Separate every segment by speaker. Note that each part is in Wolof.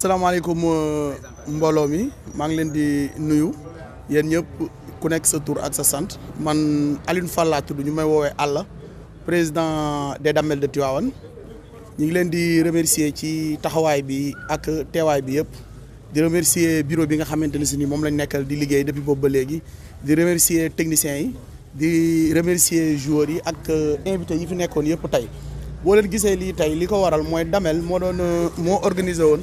Speaker 1: salaamaaleykum euh, mbooloo mi maa ngi leen di nuyu yéen ñëpp ku nekk sa tur ak sa sant man Alioune Fall laa tudd ñu may woowee Alla président dee Damel de Tivaouane ñu ngi leen di remercier ci taxawaay bi ak teewaay bi yëpp di remercier bureau bi nga xamante ni si nii moom lañ nekkal di liggéey depuis boobu ba léegi di remercier techniciens yi di remercier joueurs yi ak euh, invité yi fi nekkoon yëpp tey boo leen gisee lii tey li ko waral mooy Damel moo doon euh, moo organisé woon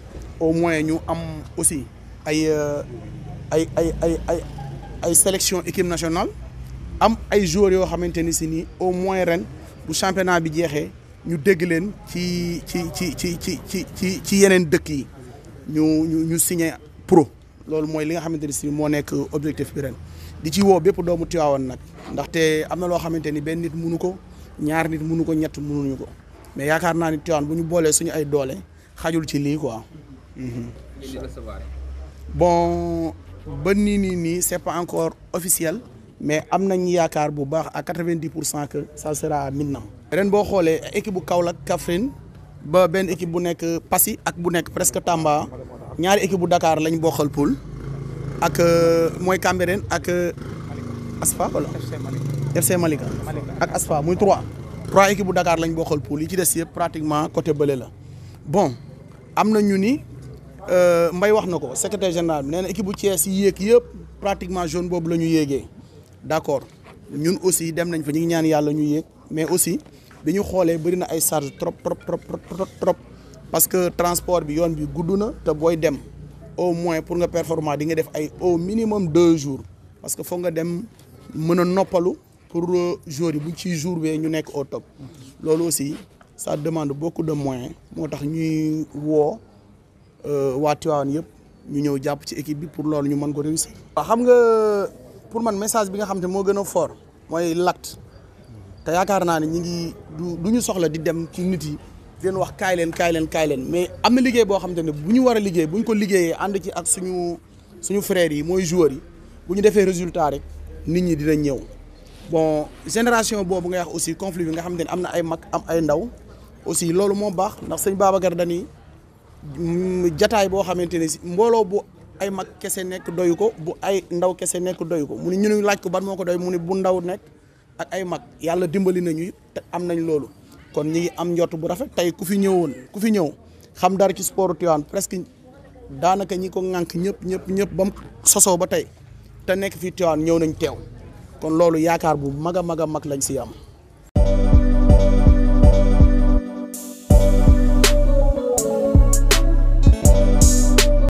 Speaker 1: au moins ñu am aussi ay euh, ay ay ay ay ay sélection équipe nationale am ay joueurs yoo xamante ni si nii au moins ren bu championnat bi jeexee ñu dégg leen ci ci ci ci ci ci ci ci yeneen dëkk yi ñu ñu ñu signé pro loolu mooy li nga xamante ni si moo nekk objectif bi ren di ci woo bépp doomu Tiwaawan nag ndaxte am na loo xamante ni benn nit munu ko ñaar nit munu ko ñett munuñu ko mais yaakaar naa ni Tiwaawan bu ñu boolee suñu ay doole xajul ci lii quoi. Mhm. bon ba ni ni ni c'est pas encore officiel mais am nañ yaakaar bu baax à 90% que ça sera à Minam. ren bo xolé équipe bu Kaolack Kaffrine ba ben équipe bu nek Passy ak bu nek presque Tamba ñaari équipe bu Dakar lañ bokkal pool ak euh, moy Cambérène ak euh, Asfa wala FC Malika ak Asfa moy 3 3 équipe bu Dakar lañ bokkal pool yi ci dess yëpp pratiquement côté bële la bon amna ñu ni euh, Mbaye wax na secrétaire général néna équipe bu Thiès yi yéeg yëpp pratiquement jeune bobu lañu yégué d'accord ñun aussi dem nañ fa ñi ñaan yalla ñu yéeg mais aussi biñu xolé bari na ay charge trop trop trop trop parce que transport bi yoon bi gudduna te boy dem au moins pour nga performant di nga def ay au minimum 2 jours parce que fo nga dem mëna noppalu pour euh, jour bu ci jour bee ñu nek au top lolu aussi. ça demande beaucoup de moyens moo tax ñuy woo euh, waa Tivaouane yëpp ñu ñëw jàpp ci équipe bi pour loolu ñu mën ko réussir. waaw xam nga pour man message bi nga xam te moo gën a foor mooy l'acte te yaakaar naa ne ñu ngi du ñu soxla di dem ci nit yi. den wax kaay leen kaay leen kaay leen mais am na liggéey boo xam te ne bu ñu war a liggéey bu ñu ko liggéeyee ànd ci ak suñu suñu frères yi mooy joueurs yi bu ñu defee résultat rek nit ñi dina ñëw bon génération boobu nga wax aussi conflit bi nga xam te ne am na ay mag am ay ndaw. aussi loolu moo baax ndax sëñ Babacar dañuy jataay boo xamante ne si mbooloo bu ay mag kese nekk doyu ko bu ay ndaw kese nekk doyu ko mu ne ñu laaj ko ban moo ko doy mu ne bu ndaw nekk ak ay mag yàlla dimbali nañu te am nañ loolu kon ñi ngi am njort bu rafet tey ku fi ñëwoon ku fi ñëw xam dara ci sport Tivaouane presque daanaka ñi ko ŋànk ñëpp ñëpp ñëpp ba mu sosoo ba tey te nekk fii Tivaouane ñëw nañ teew kon loolu yaakaar bu mag a mag a mag lañ si am